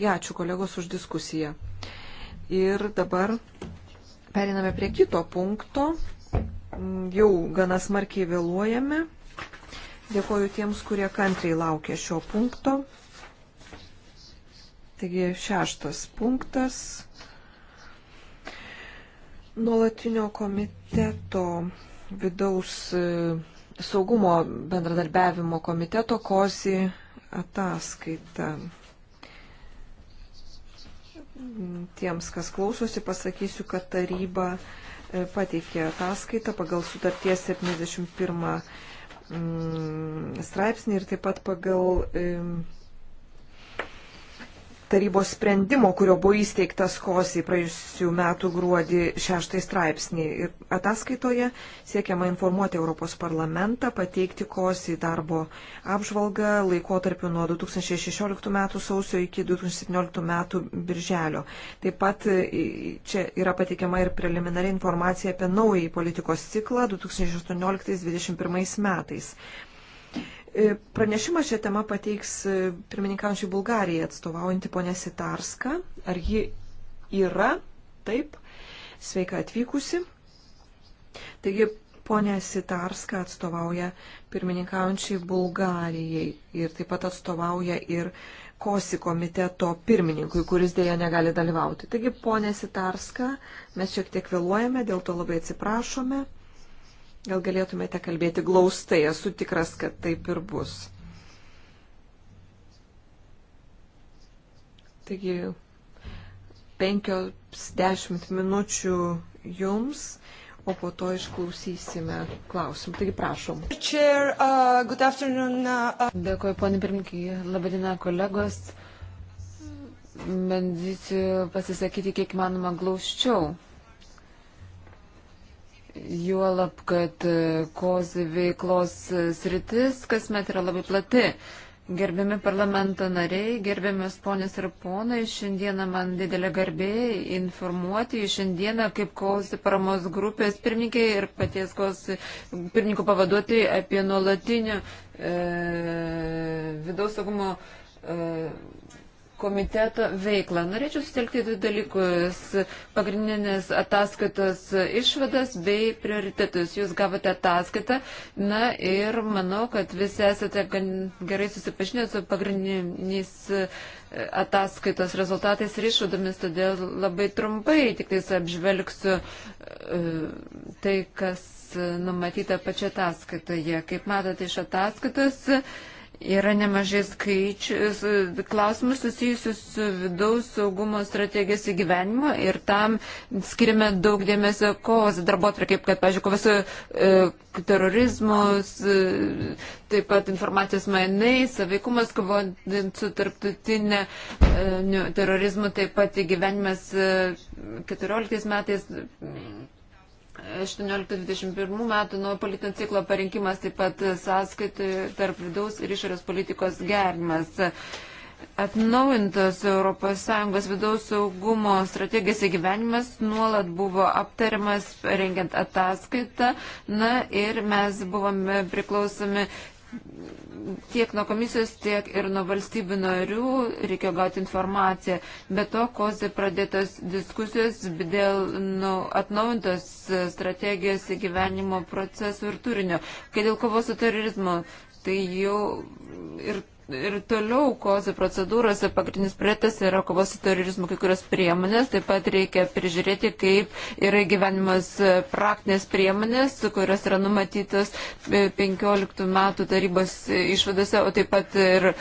Labai ačiū kolegos už diskusiją. Ir dabar periname prie kito punkto. Jau gana smarkiai vėluojame. Dėkoju tiems, kurie kantriai laukia šio punkto. Taigi šeštas punktas. Nuolatinio komiteto vidaus e, saugumo bendradarbiavimo komiteto kozi ataskaita tiems, kas klausosi, pasakysiu, kad taryba e, pateikė ataskaitą pagal sutarties 71 mm, straipsnį ir taip pat pagal tarybos sprendimo, kurio buvo įsteigtas HOSI praėjusių metų gruodį šeštai straipsnį. Ir ataskaitoje siekiama informuoti Europos parlamentą, pateikti HOSI darbo apžvalgą laikotarpiu nuo 2016 metų sausio iki 2017 metų birželio. Taip pat e, čia yra pateikiama ir preliminari informacija apie naująjį politikos ciklą 2018-2021 metais. E, pranešimą šią temą pateiks e, pirmininkaujančiai Bulgarijai atstovaujanti ponė Sitarska. Ar ji yra? Taip. Sveika atvykusi. Taigi, ponė Sitarska atstovauja pirmininkaujančiai Bulgarijai ir taip pat atstovauja ir Kosi komiteto pirmininkui, kuris dėja negali dalyvauti. Taigi, ponė Sitarska, mes šiek tiek vėluojame, dėl to labai atsiprašome. Gal galėtumėte kalbėti glaustai, esu tikras, kad taip ir bus. Taigi, penkios dešimt minučių jums, o po to išklausysime klausimų. Taigi, prašom. Uh, uh, uh. Dėkuoju, ponė pirmininkė, labadiena kolegos. Bandysiu pasisakyti kiek manoma glaučiau. Juolab, kad e, kozi veiklos e, sritis kasmet yra labai plati. Gerbiami parlamento nariai, gerbiamas ponės ir ponai, šiandieną man didelė garbė informuoti jūs šiandieną kaip kausi paramos grupės pirmininkė ir paties kausi pirmininko pavaduotojai apie nuolatinių e, vidaus saugumo e, komiteto veiklą. Norėčiau sutelkti du dalykus - pagrindinės ataskaitos išvadas bei prioritetus. Jūs gavote ataskaitą, na ir manau, kad visi esate gerai susipažinę su pagrindiniais e, ataskaitos rezultatais ir išvadomis, todėl labai trumpai tik tais apžvelgsiu e, tai, kas numatyta pačia ataskaitoje. Kaip matote iš ataskaitos, Yra nemažai skaičius, klausimų susijusių su vidaus saugumo strategijos įgyvenimu ir tam skirime daug dėmesio kovos darbo kaip, kad, pažiūrėjau, kovas su e, terorizmus, e, taip pat informacijos mainai, saveikumas, kovojant su tarptautinė e, nu, terorizmu, taip pat įgyvenimas e, 14 metais. E, 18-21 metų nuo politinio ciklo parinkimas, taip pat sąskaitų tarp vidaus ir išorės politikos gerinimas. Atnaujintas ES vidaus saugumo strategijos įgyvenimas nuolat buvo aptariamas rengiant ataskaitą. Na ir mes buvome priklausomi tiek nuo komisijos, tiek ir nuo valstybių narių reikėjo gauti informaciją. Be to, kozi pradėtos diskusijos dėl nu, atnaujintos strategijos įgyvenimo procesų ir turinio. Kai dėl kovos su terorizmu, tai jau ir ir toliau kozo procedūrose pagrindinis prietas yra kovos su terorizmu kai kurios priemonės, taip pat reikia prižiūrėti, kaip yra gyvenimas e, praktinės priemonės, kurios yra numatytos 15 e, metų tarybos e, išvadose, o taip pat ir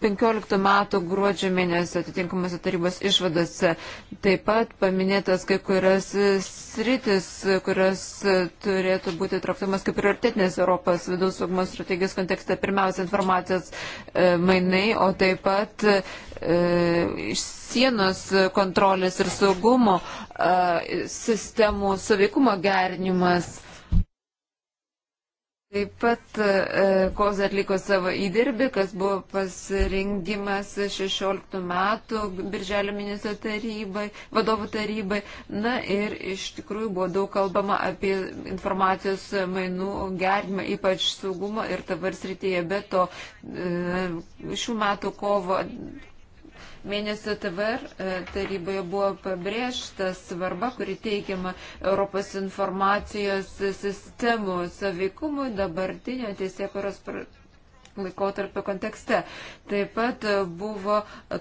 15 metų gruodžio mėnesio atitinkamose tarybos išvadose taip pat paminėtas kai kurias sritis, kurios turėtų būti traktuomas kaip prioritetinės Europos vidaus saugumo strategijos kontekste. Pirmiausia, informacijos e, mainai, o taip pat e, sienos kontrolės ir saugumo e, sistemų saveikumo gerinimas. E, Taip pat e, Koz atliko savo įdirbį, kas buvo pasirinkimas 16 metų Birželio mėnesio tarybai, vadovų tarybai. Na ir iš tikrųjų buvo daug kalbama apie informacijos mainų gerimą, ypač saugumo ir tavar srityje. Be to, e, šių metų kovo Mėnesio TVR e, taryboje buvo pabrėžta svarba, kuri teikiama Europos informacijos sistemų saveikumui dabartinio teisėkuros laikotarpio kontekste. Taip pat e, buvo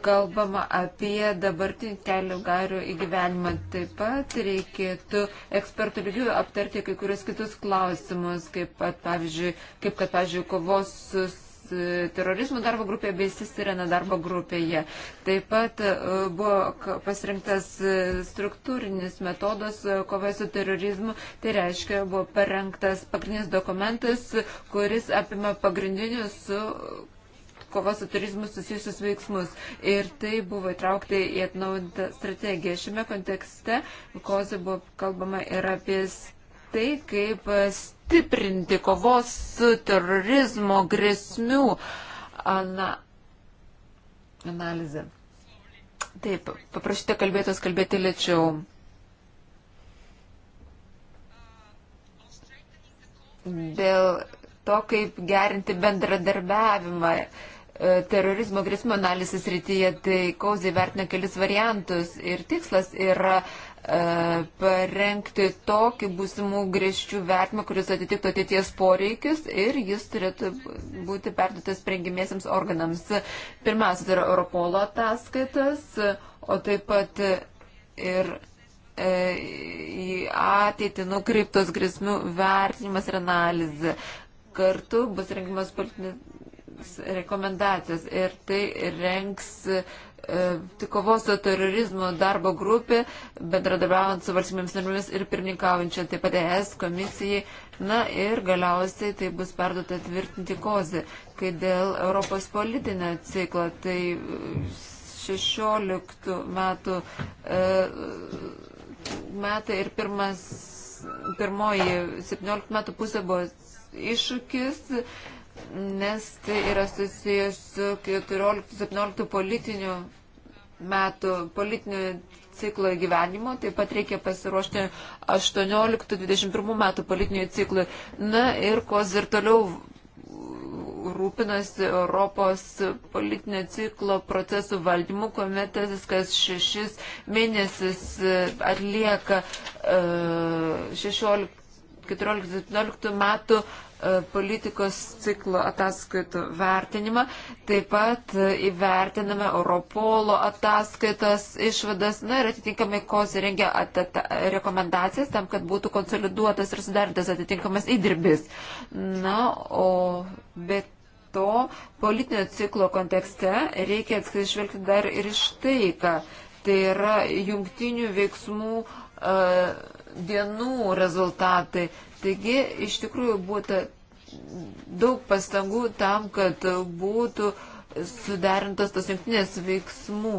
kalbama apie dabartinį kelių garių įgyvenimą. Taip pat reikėtų ekspertų lygių aptarti kai kurios kitus klausimus, kaip, at, pavyzdžiui, kaip kad, pavyzdžiui, kovos su E, terorizmo darbo grupėje bei Sisirena darbo grupėje. Taip pat e, buvo pasirinktas e, struktūrinis metodas kovoje su terorizmu. Tai reiškia, buvo parengtas pagrindinis dokumentas, kuris apima pagrindinius su kova su turizmu susijusius veiksmus. Ir tai buvo įtraukta į atnaujintą strategiją. Šiame kontekste, kozai buvo kalbama ir apie tai, kaip stiprinti kovos su terorizmo grėsmių ana, analizę. Taip, paprašyte kalbėtos kalbėti lėčiau. Dėl to, kaip gerinti bendradarbiavimą e, terorizmo grėsmų analizės rytyje, tai kauzai vertina kelis variantus ir tikslas yra E, parengti tokį būsimų grėžčių vertimą, kuris atitiktų ateities poreikius ir jis turėtų būti perduotas sprendimiesiams organams. Pirmiausia, tai yra Europolo ataskaitas, o taip pat ir e, į ateitį nukreiptos grėsmių vertinimas ir analizė. Kartu bus rengimas politinės rekomendacijos ir tai rengs uh, E, kovos su terorizmu darbo grupė, bendradarbiaujant su valstybėms narėmis ir pirmininkaujančia taip pat ES komisijai. Na ir galiausiai tai bus perduota tvirtinti kozį, kai dėl Europos politinio ciklo, tai 16 metų e, metai ir pirmas, pirmoji 17 metų pusė buvo iššūkis. E, nes tai yra susijęs su 14-17 politinių metų, politinių ciklo gyvenimo, taip pat reikia pasiruošti 18-21 metų politinių ciklui. Na ir kos ir toliau rūpinasi Europos politinio ciklo procesų valdymu, kuomet tas, kas šešis mėnesius e, atlieka 16-14 e, metų E, politikos ciklo ataskaitų vertinimą, taip pat e, įvertiname Europolo ataskaitos išvadas, na ir atitinkamai kos rengia rekomendacijas tam, kad būtų konsoliduotas ir sudarintas atitinkamas įdirbis. Na, o bet to politinio ciklo kontekste reikia atskrišvelgti dar ir iš tai, ką tai yra jungtinių veiksmų uh, dienų rezultatai. Taigi, iš tikrųjų, būtų daug pastangų tam, kad būtų suderintos tos jungtinės veiksmų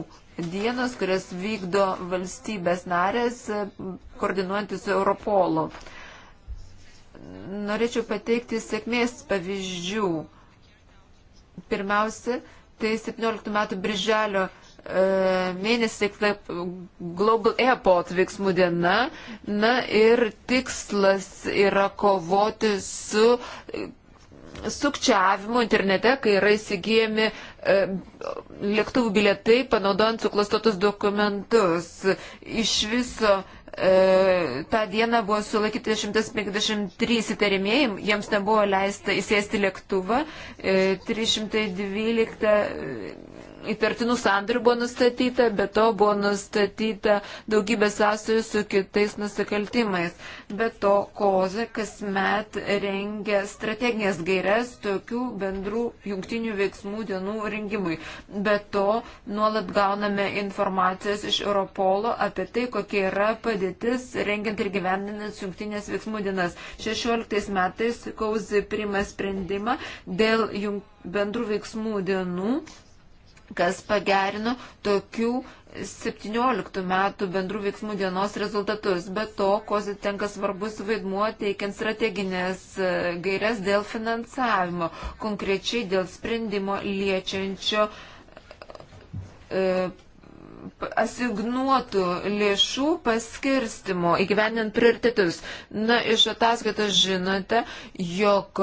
dienos, kurias vykdo valstybės narės, koordinuojantis su Europolu. Norėčiau pateikti sėkmės pavyzdžių. Pirmiausia, tai 17 metų birželio mėnesį Global Airport veiksmų diena. Na ir tikslas yra kovoti su sukčiavimu internete, kai yra įsigijami e, lėktuvų bilietai panaudojant suklastotus dokumentus. Iš viso e, tą dieną buvo sulaikyti 153 įtarimieji, jiems nebuvo leista įsėsti lėktuvą, 312 e, įtartinų sandorių buvo nustatyta, bet to buvo nustatyta daugybė sąsajų su kitais nusikaltimais. Bet to Koza kasmet rengia strateginės gairias tokių bendrų jungtinių veiksmų dienų rengimui. Bet to nuolat gauname informacijos iš Europolo apie tai, kokia yra padėtis rengiant ir gyvendinant jungtinės veiksmų dienas. 16 metais Kozi priima sprendimą dėl bendrų veiksmų dienų kas pagerino tokių 17 metų bendrų veiksmų dienos rezultatus. Be to, kozi tenka svarbus vaidmuo teikiant strateginės e, gairias dėl finansavimo, konkrečiai dėl sprendimo liečiančio e, asignuotų lėšų paskirstimo įgyvendinant prioritetus. Na, iš ataskaitos žinote, jog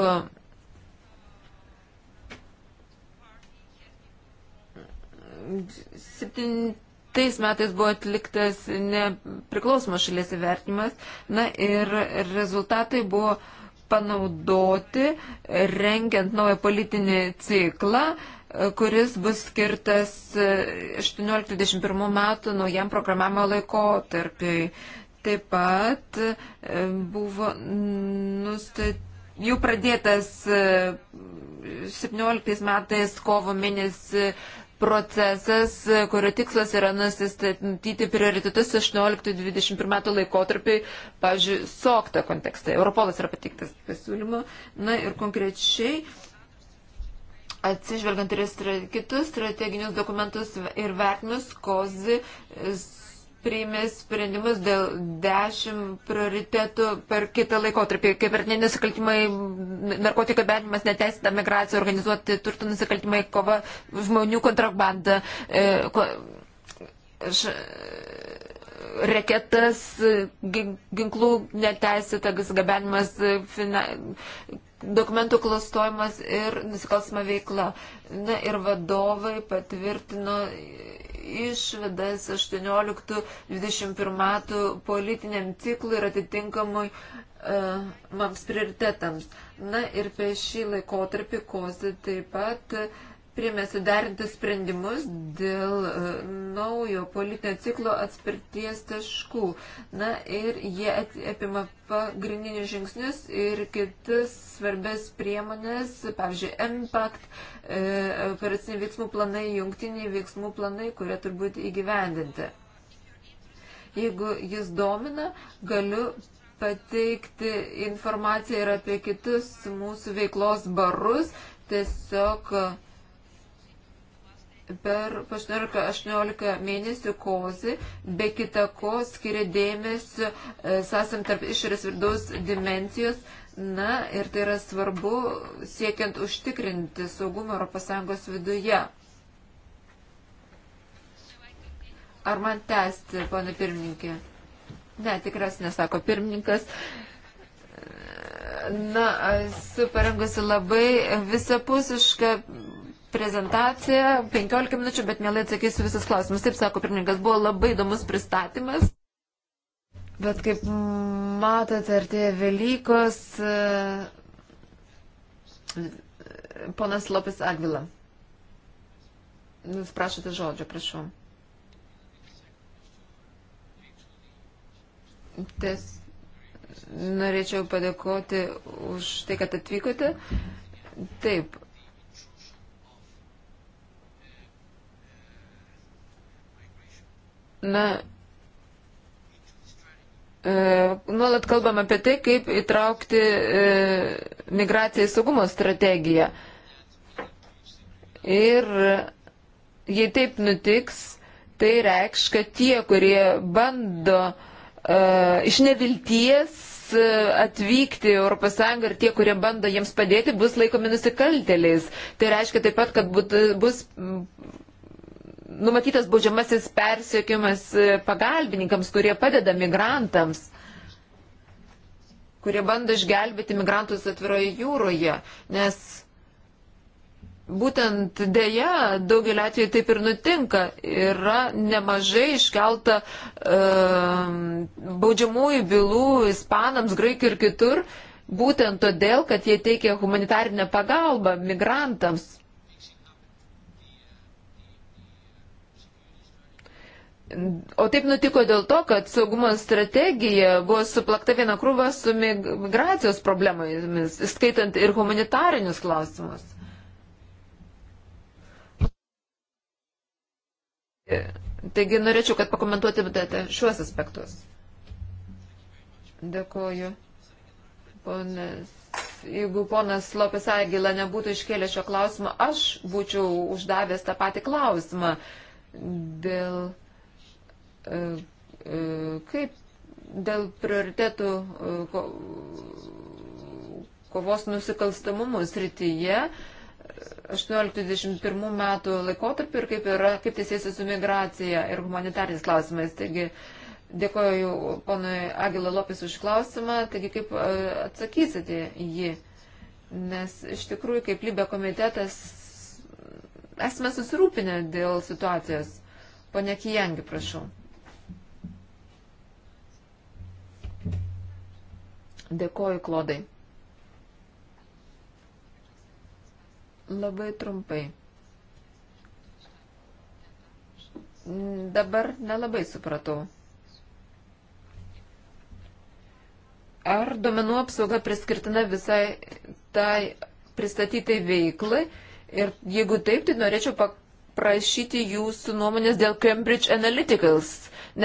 Tais metais buvo atliktas nepriklausomos šalies įvertinimas, na ir rezultatai buvo panaudoti rengiant naują politinį ciklą, kuris bus skirtas 18-21 metų naujam programavimo laikotarpiui. Taip pat e, buvo nustatyti. Jau pradėtas 17 e, metais kovo mėnesį procesas, kurio tikslas yra nusistatyti prioritetus 18-21 metų laikotarpiai, pavyzdžiui, SOKTA kontekste. Europolas yra patiktas pasiūlymu. Na ir konkrečiai atsižvelgiant ir kitus strateginius dokumentus ir vertinius, kozi priėmė sprendimus dėl dešimt prioritetų per kitą laikotarpį, kaip ir nusikaltimai, narkotikų benimas, neteisėta migracija, organizuoti turtų nusikaltimai, kova žmonių kontrabanda, e, ko, š, reketas, ginklų neteisėtas gabenimas, fina, dokumentų klastojimas ir nusikalstama veikla. Na ir vadovai patvirtino išvadas 18-21 metų politiniam ciklui ir atitinkamui uh, e, mams prioritetams. Na ir per šį laikotarpį Kozi taip pat uh, priėmė suderinti sprendimus dėl e, naujo politinio ciklo atspirties taškų. Na ir jie apima pagrindinius žingsnius ir kitas svarbės priemonės, pavyzdžiui, impact, e, operaciniai veiksmų planai, jungtiniai veiksmų planai, kurie turbūt įgyvendinti. Jeigu jis domina, galiu pateikti informaciją ir apie kitus mūsų veiklos barus. Tiesiog uh, per 18 mėnesių kozi, be kita ko skiria dėmesio e, sąsam tarp išorės vidaus dimensijos. Na ir tai yra svarbu siekiant užtikrinti saugumą ES viduje. Ar man tęsti, pana pirmininkė? Ne, tikras nesako pirmininkas. Na, esu parengusi labai visapusišką prezentaciją, 15 minučių, bet mielai atsakysiu visas klausimus. Taip sako pirmininkas, buvo labai įdomus pristatymas. Bet kaip matote, artėja Velykos. E, ponas Lopis Agvila. Jūs prašote žodžio, prašau. Ties, norėčiau padėkoti už tai, kad atvykote. Taip, Na, e, nuolat kalbam apie tai, kaip įtraukti e, migraciją į saugumo strategiją. Ir jei taip nutiks, tai reikš, kad tie, kurie bando e, iš nevilties atvykti Europos Sąjungą ir tie, kurie bando jiems padėti, bus laikomi nusikalteliais. Tai reiškia taip pat, kad būt, bus numatytas baudžiamasis persiekimas e, pagalbininkams, kurie padeda migrantams, kurie bando išgelbėti migrantus atviroje jūroje, nes būtent dėja daugelį atvejų taip ir nutinka. Yra nemažai iškelta e, baudžiamųjų bylų ispanams, graikių ir kitur, būtent todėl, kad jie teikia humanitarinę pagalbą migrantams. O taip nutiko dėl to, kad saugumo strategija buvo suplakta viena krūva su migracijos problemomis, skaitant ir humanitarinius klausimus. Taigi norėčiau, kad pakomentuotumėte šiuos aspektus. Dėkuoju. Ponas, jeigu ponas Lopes Agila nebūtų iškėlę šio klausimo, aš būčiau uždavęs tą patį klausimą dėl. Dėl E, e, kaip dėl prioritetų e, kovos nusikalstamumo srityje 18-21 metų laikotarpį ir kaip, yra, kaip tiesiasi tai su migracija ir humanitariniais klausimais. Taigi, dėkoju ponui Agilo Lopis už klausimą, taigi kaip atsakysite jį, nes iš tikrųjų kaip Libė komitetas esame susirūpinę dėl situacijos. Pone Kijangi, prašau. Dėkoju, Klodai. Labai trumpai. Dabar nelabai supratau. Ar duomenų apsauga priskirtina visai tai pristatytai veiklai? Ir jeigu taip, tai norėčiau paprašyti jūsų nuomonės dėl Cambridge Analyticals,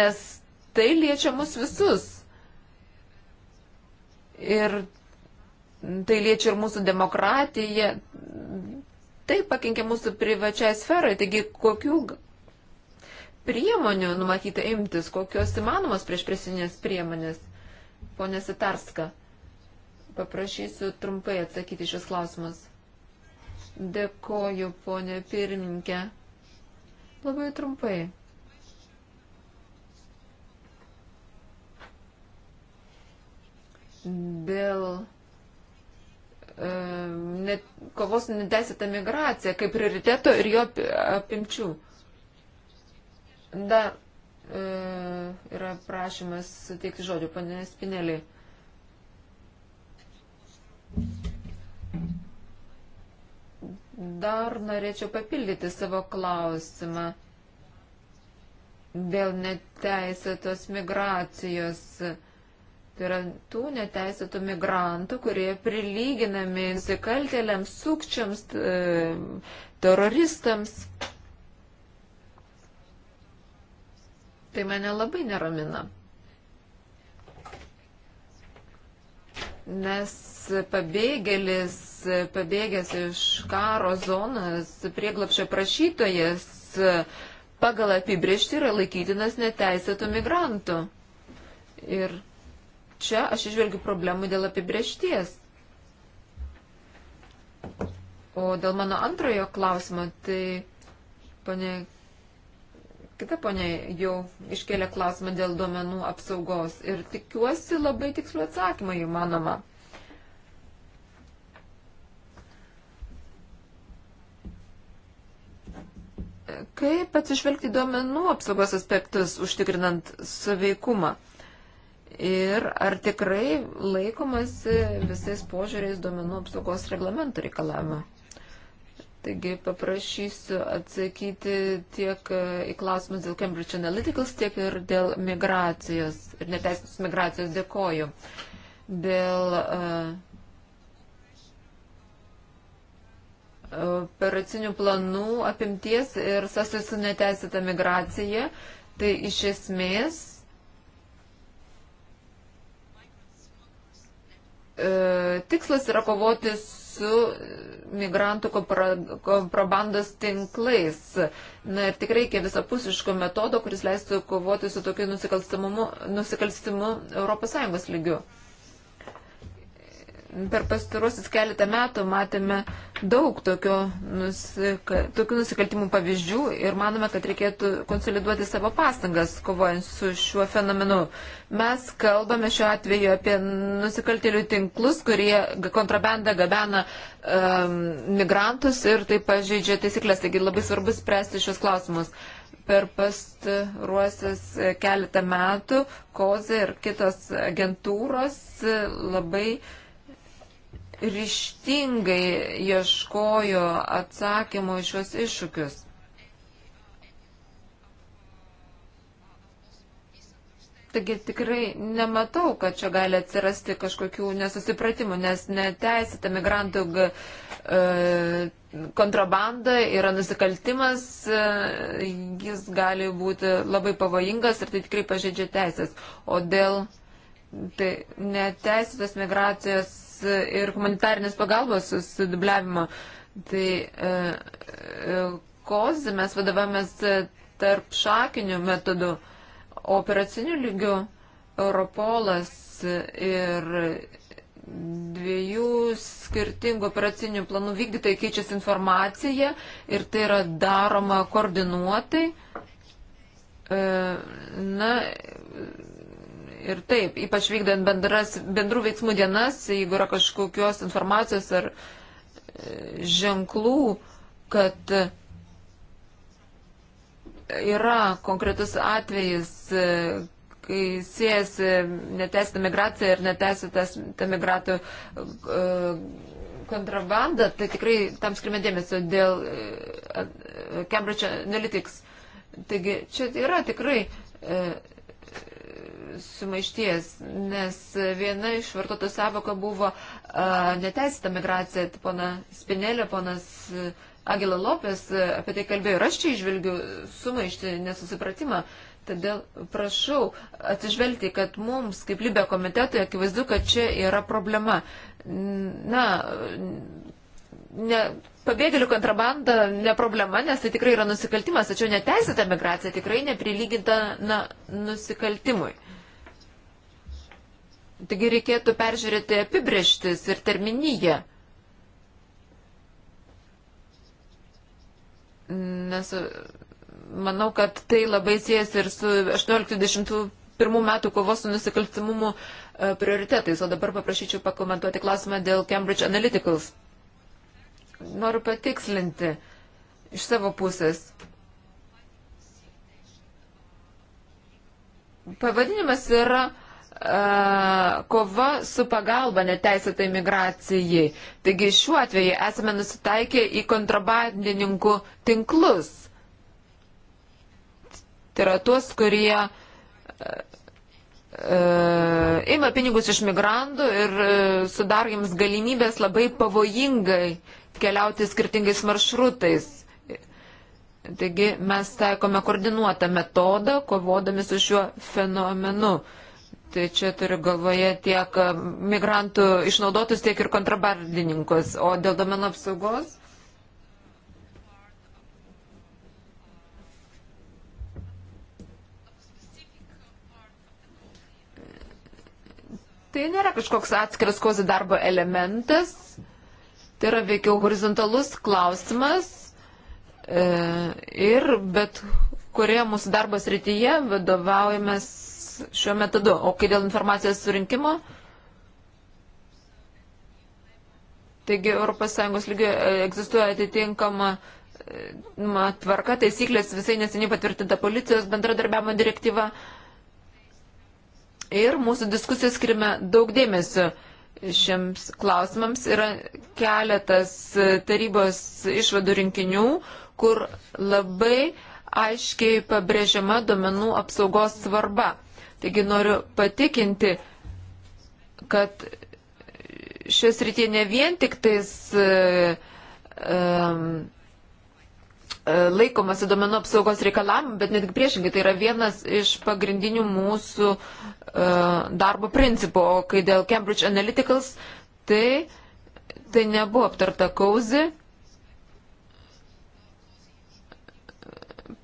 nes tai liečia mus visus ir tai liečia ir mūsų demokratiją, tai pakenkia mūsų privačiai sferai. Taigi, kokių priemonių numatyta imtis, kokios įmanomos prieš prisinės priemonės, ponė Sitarska? Paprašysiu trumpai atsakyti šios klausimus. Dėkoju, ponė pirmininkė. Labai trumpai. dėl e, net, kovos neteisėta migracija kaip prioriteto ir jo apimčių. Da, e, yra prašymas suteikti žodžių, panė Spinelį. Dar norėčiau papildyti savo klausimą dėl neteisėtos migracijos. E, Tai yra tų neteisėtų migrantų, kurie prilyginami nusikaltėliams, sukčiams, e, teroristams. Tai mane labai neramina. Nes pabėgėlis, pabėgęs iš karo zonas, prieglapšio prašytojas pagal apibriežtį yra laikytinas neteisėtų migrantų. Ir čia aš išvelgiu problemų dėl apibriešties. O dėl mano antrojo klausimo, tai ponė, kita ponė jau iškėlė klausimą dėl duomenų apsaugos ir tikiuosi labai tikslių atsakymą įmanoma. Kaip atsižvelgti duomenų apsaugos aspektus, užtikrinant saveikumą? ir ar tikrai laikomasi visais požiūriais duomenų apsaugos reglamento reikalavimo. Taigi paprašysiu atsakyti tiek e, į klausimus dėl Cambridge Analyticals, tiek ir dėl migracijos ir neteisinės migracijos dėkoju. Dėl uh, operacinių planų apimties ir sąsai su neteisėta migracija, tai iš esmės E, tikslas yra kovoti su migrantų kontrabandos tinklais. Na ir tikrai reikia visapusiško metodo, kuris leistų kovoti su tokiu nusikalstimu ES lygiu. Per pastaruosius keletą metų matėme daug tokio nusika, tokių nusikaltimų pavyzdžių ir manome, kad reikėtų konsoliduoti savo pastangas kovojant su šiuo fenomenu. Mes kalbame šiuo atveju apie nusikaltėlių tinklus, kurie kontrabandą gabena um, migrantus ir tai pažeidžia taisyklės. Taigi labai svarbu spręsti šios klausimus per pastaruosius keletą metų Kozė ir kitos agentūros labai uh, ryštingai ieškojo atsakymų iš šios iššūkius. Taigi tikrai nematau, kad čia gali atsirasti kažkokių nesusipratimų, nes neteisėta migrantų e, kontrabanda yra nusikaltimas, e, jis gali būti labai pavojingas ir tai tikrai pažeidžia teisės. O dėl tai, neteisėtos migracijos ir humanitarinės pagalbos sudubliavimo. Tai e, e, koz mes vadovavomės tarp šakinių metodų, operacinių lygių Europolas ir dviejų skirtingų operacinių planų vykdytai keičiasi informacija ir tai yra daroma koordinuotai. E, na, ir taip, ypač vykdant bendras, bendrų veiksmų dienas, jeigu yra kažkokios informacijos ar e, ženklų, kad yra konkretus atvejis, e, kai siejasi neteisėta migracija ir neteisėta migratų e, kontrabanda, tai tikrai tam skirime dėmesio dėl Cambridge Analytics. Taigi čia yra tikrai sumaišties, nes viena iš vartotojų savoka buvo neteisėta migracija. Tai Pana Spinelė, ponas e, Agila Lopės e, apie tai kalbėjo ir aš čia išvelgiu sumaišti nesusipratimą. Todėl prašau atsižvelgti, kad mums, kaip Libė komitetui, akivaizdu, kad čia yra problema. Na, ne, pabėgėlių kontrabanda ne problema, nes tai tikrai yra nusikaltimas, tačiau neteisėta migracija tikrai neprilyginta na, nusikaltimui. Taigi reikėtų peržiūrėti apibrieštis ir terminiją. Nes e, manau, kad tai labai siejasi ir su 1821 metų kovos su nusikaltimumu e, prioritetais. O dabar paprašyčiau pakomentuoti klausimą dėl Cambridge Analyticals. Noriu patikslinti iš savo pusės. Pavadinimas yra uh, kova su pagalba neteisėtai migracijai. Taigi šiuo atveju esame nusitaikę į kontrabandininkų tinklus. Tai yra tuos, kurie uh, uh, ima pinigus iš migrantų ir uh, sudaro jiems galimybės labai pavojingai keliauti skirtingais maršrutais. Taigi mes taikome koordinuotą metodą, kovodami su šiuo fenomenu. Uh, Tai čia turiu galvoje tiek e, migrantų išnaudotus, tiek ir kontrabandininkus. O dėl domenų apsaugos? Tai nėra kažkoks atskiras kozi darbo elementas, tai yra veikiau horizontalus klausimas e, ir bet kurioje mūsų darbos rytyje vadovaujamės šiuo metodu. O kai dėl informacijos surinkimo, taigi ES lygio e, egzistuoja atitinkama e, tvarka, taisyklės visai neseniai patvirtinta policijos bendradarbiavimo direktyva. Ir mūsų diskusijos skirime daug dėmesio šiems klausimams. Yra keletas e, tarybos išvadų rinkinių, kur labai aiškiai pabrėžiama duomenų apsaugos svarba. Taigi noriu patikinti, kad šis rytė ne vien tik tais um, laikomasi domenų apsaugos reikalavimų, bet netgi priešingai tai yra vienas iš pagrindinių mūsų uh, darbo principų. O kai dėl Cambridge Analyticals, tai, tai nebuvo aptarta kauzi. Uh,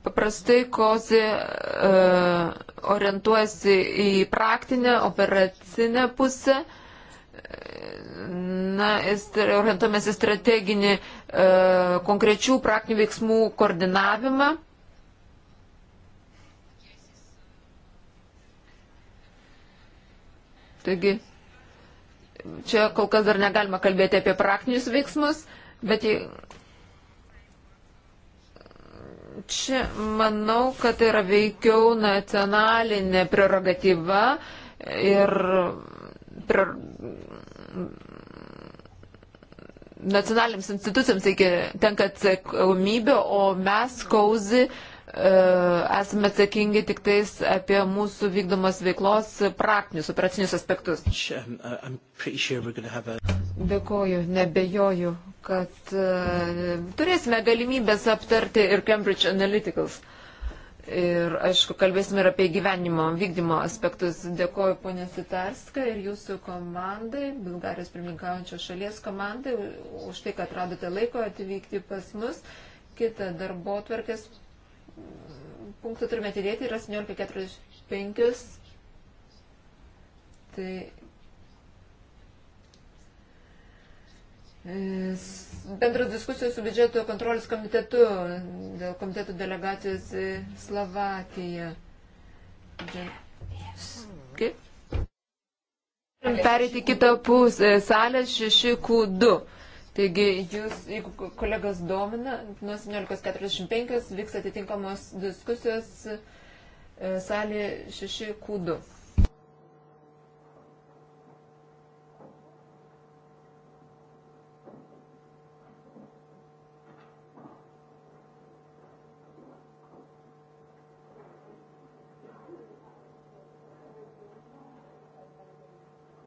Paprastai kozi uh, orientuojasi į praktinę, operacinę pusę. Na, orientuomės į strateginį uh, konkrečių praktinių veiksmų koordinavimą. Taigi, čia kol kas dar negalima kalbėti apie praktinius veiksmus, bet jei čia manau, kad tai yra veikiau nacionalinė prerogatyva ir pre... nacionaliniams institucijams reikia, tenka atsakomybė, o mes kauzi e, esame atsakingi tik tais apie mūsų vykdomos veiklos praktinius, operacinius aspektus. Uh, Dėkoju, nebejoju, kad e, turėsime galimybės aptarti ir Cambridge Analyticals. Ir, aišku, kalbėsime ir apie gyvenimo vykdymo aspektus. Dėkoju ponė Sitarska ir jūsų komandai, Bulgarijos pirmininkaujančios šalies komandai, už tai, kad radote laiko atvykti pas mus. Kita darbo tvarkės mm, punktą turime atidėti, yra 17.45. Tai bendros diskusijos su biudžeto kontrolės komitetu, dėl komiteto delegacijos į Slovakiją. Kaip? Perėti kitą pusę, salės 6Q2. Taigi jūs, jeigu kolegas domina, nuo 17.45 vyks atitinkamos diskusijos e, salė 6Q2.